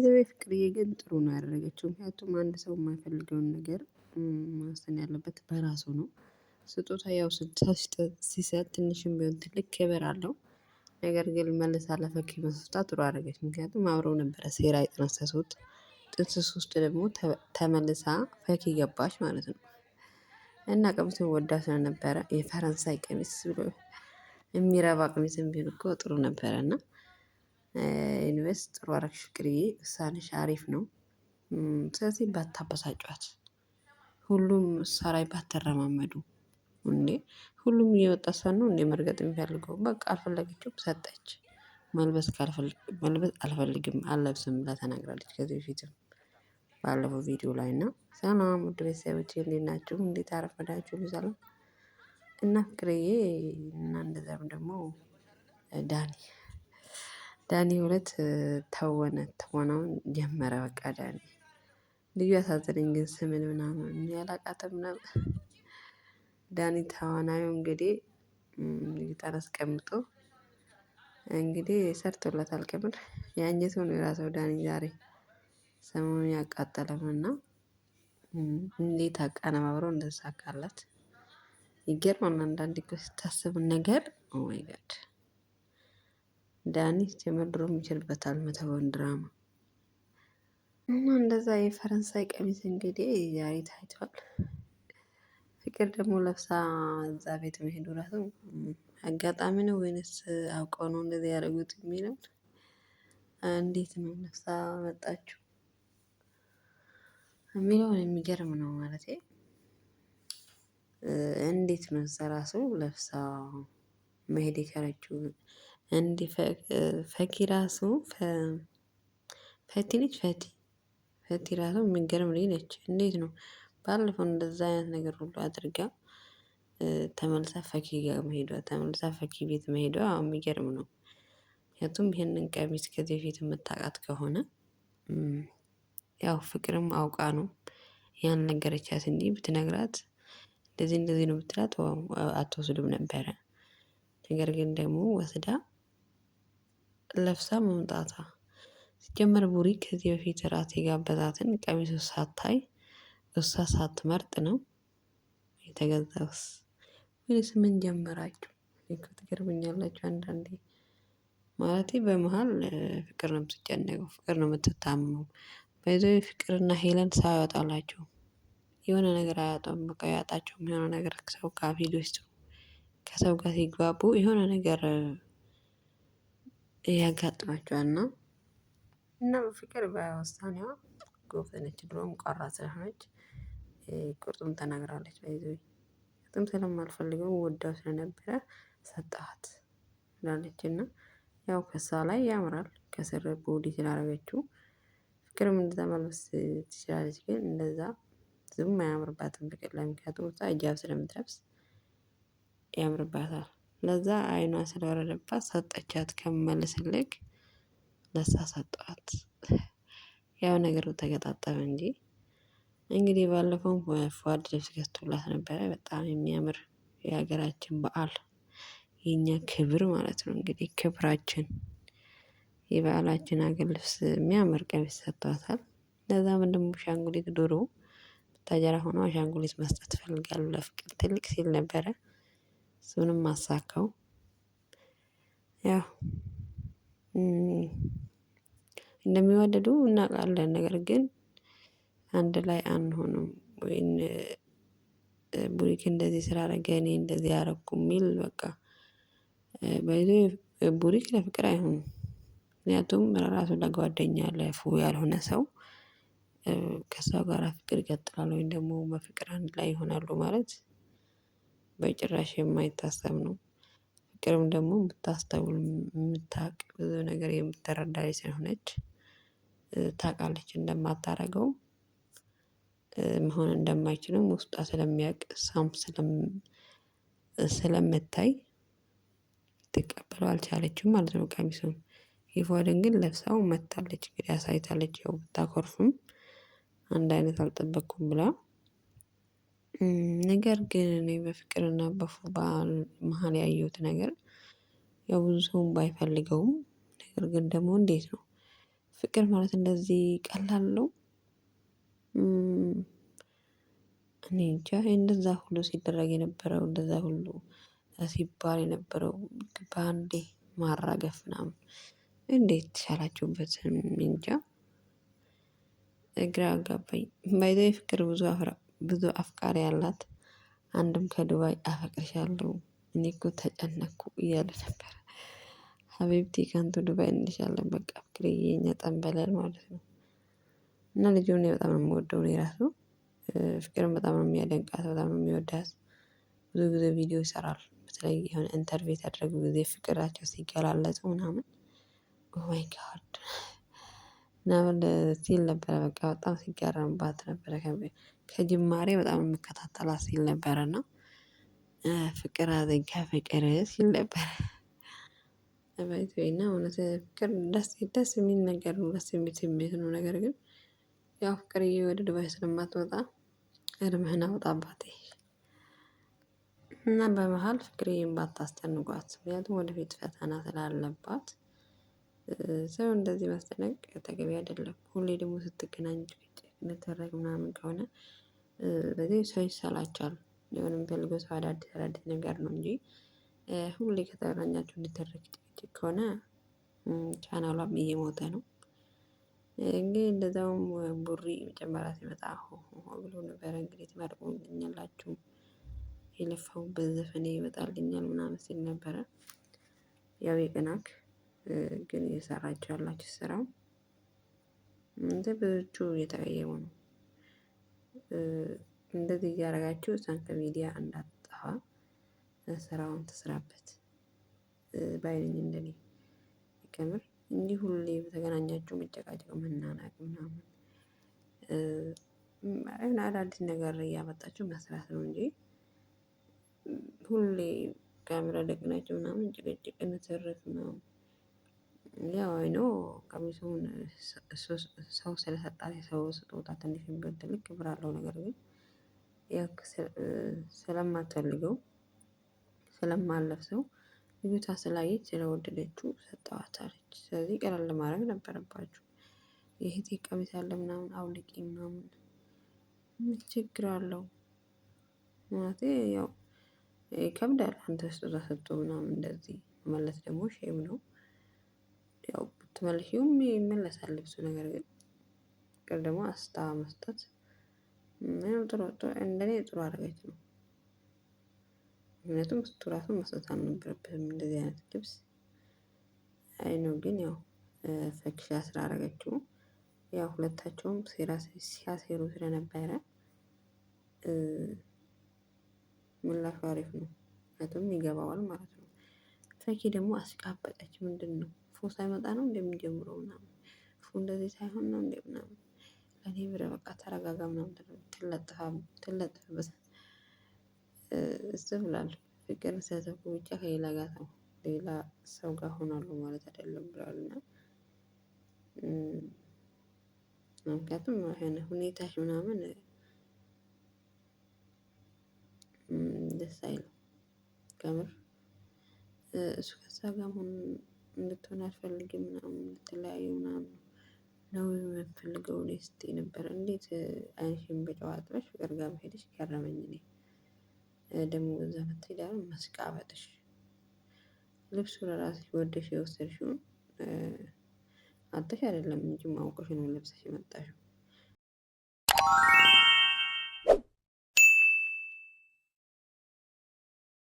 ባይዘዌ ፍቅርዬ ግን ጥሩ ነው ያደረገችው። ምክንያቱም አንድ ሰው የማይፈልገውን ነገር ማሰን ያለበት በራሱ ነው። ስጦታ ያው ሲሰጥ ትንሽም ቢሆን ትልቅ ክብር አለው። ነገር ግን መልስ አለፈክ መስጠቷ ጥሩ አደረገች። ምክንያቱም አብረው ነበረ ሴራ የጠነሰሱት። ጥንስስ ውስጥ ደግሞ ተመልሳ ፈኪ ገባች ማለት ነው። እና ቀሚሱን ወዳ ስለነበረ የፈረንሳይ ቀሚስ ብሎ የሚረባ ቀሚስም ቢሆን እኮ ጥሩ ነበረ እና ኢንቨስት ጥሩ አረግሽ ፍቅርዬ፣ ውሳኔሽ አሪፍ ነው። ስለዚህ ባታበሳጫት፣ ሁሉም እሷ ላይ ባትረማመዱ። እንዴ ሁሉም እየወጣ ሰው ነው እንዴ መርገጥ የሚፈልገው? በቃ አልፈለገችውም፣ ሰጠች። መልበስ አልፈልግም አልለብስም ብላ ተናግራለች ከዚህ በፊትም ባለፈው ቪዲዮ ላይ እና ሰላም ውድ ቤተሰቦች እንዴት ናችሁ? እንዴት አረፈዳችሁ? ሰላም እና ፍቅርዬ እና እንደዚያም ደግሞ ዳኒ ዳኒ ሁለት ተወነ ተወናውን ጀመረ። በቃ ዳኒ ልዩ ያሳዘነኝ ግን ስምን ምናምን ያላቃተም ምናምን ዳኒ ተዋናዩ እንግዲህ ጌታን አስቀምጦ እንግዲህ ሰርቶለታል። ከምር ያኘት ሆኖ የራሰው ዳኒ ዛሬ ሰሞኑን ያቃጠለምና እንዴት አቀነባብሮ እንደሳካላት ይገርማል። አንዳንድ ስታስብ ነገር ኦ ጋድ ዳኒ ጀመር ድሮም ይችልበታል መተወን ድራማ እና እንደዛ የፈረንሳይ ቀሚስ እንግዲህ ዛሬ ታይቷል። ፍቅር ደግሞ ለብሳ እዛ ቤት መሄዱ ራሱ አጋጣሚ ነው ወይንስ አውቀው ነው እንደዚህ ያደረጉት የሚለው እንዴት ነው ለብሳ መጣችሁ የሚለውን የሚገርም ነው ማለት እንዴት ነው እዛ ራሱ ለብሳ መሄድ የቻለችው? እንዲ ፈኪ ራሱ ፈቲ ልጅ ፈቲ ፈቲ ራሱ የሚገርም ልጅ ነች። እንዴት ነው ባለፈው እንደዛ አይነት ነገር ሁሉ አድርጋ ተመልሳ ፈኪ ጋር መሄዷ ተመልሳ ፈኪ ቤት መሄዷ የሚገርም ነው። ምክንያቱም ይህንን ቀሚስ ከዚህ በፊት የምታውቃት ከሆነ ያው ፍቅርም አውቃ ነው ያን ነገረቻት እንጂ ብትነግራት እንደዚህ እንደዚህ ነው ብትላት አትወስድም ነበረ። ነገር ግን ደግሞ ወስዳ ለብሳ መምጣቷ ሲጀመር ቡሪ ከዚህ በፊት ራት የጋበዛትን ቀሚሱ ሳታይ እሷ ሳትመርጥ ነው የተገዛውስ። ወይስ ምን ጀመራችሁ? ትገርምኛላችሁ አንዳንዴ። ማለት በመሀል ፍቅር ነው የምትጨነቀው፣ ፍቅር ነው የምትታመመው። በዚ ፍቅርና ሄለን ሰው ያወጣላቸው የሆነ ነገር አያጣም። በቃ ያጣቸው የሆነ ነገር ሰው ጋር ውስጥ ከሰው ጋር ሲግባቡ የሆነ ነገር ያጋጥማቸዋል ነው እና በፍቅር በውሳኔዋ ጎበዘነች። ድሮም ቋራ ስለሆነች ቁርጡም ተናግራለች። በይዞ ቁርጡም ስለማልፈልገው ወዳው ስለነበረ ሰጣት ትላለች። እና ያው ከሳ ላይ ያምራል ከስር ቦዲ ስላረገችው ፍቅርም እንደዛ መልበስ ትችላለች። ግን እንደዛ ዝም አያምርባትም ፍቅር ላይ ምክንያቱም እሷ ስለምትለብስ ያምርባታል። ለዛ አይኗ ስለወረደባት ሰጠቻት ከመልስልክ ለሳ ሰጠዋት። ያው ነገሩ ተገጣጠመ እንጂ እንግዲህ ባለፈውም ፏድ ልብስ ገዝቶላት ነበረ። በጣም የሚያምር የሀገራችን በዓል የኛ ክብር ማለት ነው እንግዲህ ክብራችን የበዓላችን ሀገር ልብስ የሚያምር ቀሚስ ሰጥቷታል። ለዛ ምንድሞ አሻንጉሊት ዶሮ ብታጀራ ሆኖ አሻንጉሊት መስጠት ፈልጋሉ ለፍቅር ትልቅ ሲል ነበረ እሱንም አሳካው። ያው እንደሚወደዱ እናውቃለን። ነገር ግን አንድ ላይ አንሆንም ወይን ቡሪክ እንደዚህ ስላረገ እኔ እንደዚህ ያረኩ የሚል በቃ በይዞ ቡሪክ ለፍቅር አይሆንም። ምክንያቱም ራሱ ለጓደኛ ለፉ ያልሆነ ሰው ከሰው ጋር ፍቅር ይቀጥላል ወይም ደግሞ በፍቅር አንድ ላይ ይሆናሉ ማለት በጭራሽ የማይታሰብ ነው። ፍቅርም ደግሞ የምታስተውል የምታውቅ ብዙ ነገር የምትረዳ ስለሆነች ታውቃለች እንደማታደርገው መሆን እንደማይችልም ውስጧ ስለሚያውቅ እሷም ስለምታይ ልትቀበለው አልቻለችም ማለት ነው። ቀሚሱን ይፎድን ግን ለብሳው መታለች እንግዲህ አሳይታለች ያው ብታኮርፍም አንድ አይነት አልጠበቅኩም ብላ ነገር ግን እኔ በፍቅርና በፉባል መሀል ያየሁት ነገር ያው ብዙ ሰውን ባይፈልገውም ነገር ግን ደግሞ እንዴት ነው ፍቅር ማለት እንደዚህ ቀላል ነው? እኔ እንጃ እንደዛ ሁሉ ሲደረግ የነበረው እንደዛ ሁሉ ሲባል የነበረው በአንዴ ማራገፍ ምናምን እንዴት ቻላችሁበት? እንጃ ግራ አጋባኝ። ባይ ፍቅር ብዙ አፍራ ብዙ አፍቃሪ ያላት አንድም ከዱባይ አፈቅርሻለሁ እኔ እኮ ተጨነኩ እያለ ነበር። ሀቢብቲ ከንቱ ዱባይ እንሻለን በቃ ፍቅር የኛ ጠንበላል ማለት ነው። እና ልጁ እኔ በጣም ነው የምወደው እኔ ራሱ ፍቅርን በጣም ነው የሚያደንቃት፣ በጣም ነው የሚወዳት። ብዙ ጊዜ ቪዲዮ ይሰራል። በተለይ የሆነ ኢንተርቪው ያደረጉ ጊዜ ፍቅራቸው ሲገላለጹ ምናምን ኦማይ ጋድ ምናምን ሲል ነበረ በቃ በጣም ሲገረምባት ነበረ። ከጅማሬ በጣም የምከታተላት ሲል ነበረ እና ፍቅር አዘጋ ፍቅር ሲል ነበረ። እና እውነት ፍቅር ደስ ደስ የሚል ነገር ነው ደስ የሚል ስሜት ነው። ነገር ግን ያው ፍቅርዬ ወደ ድባይ ስለማትወጣ እርምህን አውጣ አባቴ። እና በመሃል ፍቅርዬን ባታስጨንቋት ምክንያቱም ወደፊት ፈተና ስላለባት ሰው እንደዚህ ማስጨነቅ ተገቢ አይደለም። ሁሌ ደግሞ ስትገናኝ ጭቅጭቅ ምትረግ ምናምን ከሆነ በዚህ ሰው ይሰላቻል። ሊሆን የሚፈልገው ሰው አዳዲስ አዳዲስ ነገር ነው እንጂ ሁሌ ከተገናኛችሁ እንዲደረግ ጭቅጭቅ ከሆነ ቻናሏም እየሞተ ነው። እንግዲህ እንደዛውም ቡሪ መጨመሪያ ሲመጣ ብሎ ነበረ። እንግዲህ ትመርቁኛላችሁ የለፋው ዘፈኔ ይመጣልኛል ምናምን ሲል ነበረ። ያው የቅናክ ግን እየሰራችሁ ያላችሁ ስራ እንደ ብዙዎቹ እየተቀየሙ ነው። እንደዚህ እያደረጋችሁ እሷን ከሚዲያ እንዳትጠፋ ስራውን ትስራበት ባይነኝ እንደኔ ከምር እንዲህ ሁሌ በተገናኛችሁ መጨቃጨቅ፣ መናናቅ ምናምን ይሁን አዳዲስ ነገር እያመጣችሁ መስራት ነው እንጂ ሁሌ ካሜራ ደቅናችሁ ምናምን ጭቅጭቅ ንትርክ ያው አይ ነው ቀሚሱን ሰው ስለሰጣት የሰው ስጦታ ትንሽ ግን ትልቅ ክብር አለው። ነገር ግን ያው ስለማትፈልገው ስለማለብሰው ልዩታ ስላየች ስለወደደችው ሰጠዋታለች። ስለዚህ ቀለል ማድረግ ነበረባችሁ። የእህቴ ቀሚስ ያለ ምናምን አውልቂ ምናምን ምን ችግር አለው? ማለት ያው ይከብዳል። አንተ ስጦታ ሰጡ ምናምን እንደዚህ መለስ ደግሞ ሼም ነው። አትመልሺውም ይመለሳል ልብሱ። ነገር ግን ፍቅር ደግሞ አስታ መስጠት ምንም ጥሩ እንደኔ ጥሩ አድርገች ነው። ምክንያቱም እሱ ራሱን መስጠት አልነበረበትም እንደዚህ አይነት ልብስ አይ ግን ያው ፈክሻ ስራ ስላደረገችው ያው ሁለታቸውም ሴራ ሲያሴሩ ስለነበረ ምላሹ አሪፍ ነው። ምክንያቱም ይገባዋል ማለት ነው። ፈኪ ደግሞ አስቃበጠች ምንድን ነው ፉ ሳይመጣ ነው እንደሚጀምረው ምናምን ፉ እንደዚህ ሳይሆን ነው እንደ ምናምን እኔ ብረ በቃ ተረጋጋ ምናምን ትለጥፍበት እዚህ ብላለሁ። ፍቅር ስለተኩ ብቻ ከሌላ ጋር ነው ሌላ ሰው ጋር ሆናሉ ማለት አይደለም ብላሉ እና ምክንያቱም ሆነ ሁኔታሽ ምናምን ደስ አይልም ከምር እሱ ከዛ ጋር መሆኑ እንድትሆን አልፈልግም ምናምን እንድትለያዩ ምናምን ነው የምፈልገው እኔ ስትይ ነበር። እንዴት አይንሽን በጨው ፍቅር ጋር መሄድሽ ገረመኝ። እኔ ደግሞ እዛ መትሄ ዳሩ መስቃበጥሽ ልብሱ ለራስሽ ወደሽ የወሰድሽውን አጥተሽ አይደለም እንጂ ማውቀሽ ነው ለብሰሽ የመጣሽው።